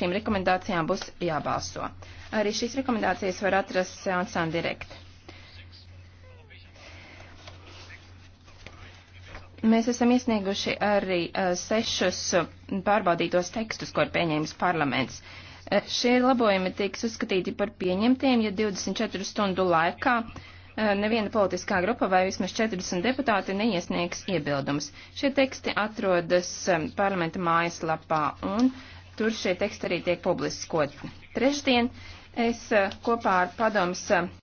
šīm rekomendācijām būs jābalso. Arī šīs rekomendācijas var atrast seansām direkt. Mēs esam iesnieguši arī eh, sešus pārbaudītos tekstus, ko ir pieņēmis parlaments. Eh, šie labojumi tiks uzskatīti par pieņemtiem, ja 24 stundu laikā eh, neviena politiskā grupa vai vismaz 40 deputāti neiesniegs iebildumus. Šie teksti atrodas parlamenta mājaslapā un uh, Tur šie teksti arī tiek publiskot. Trešdien es eh, kopā ar padoms eh,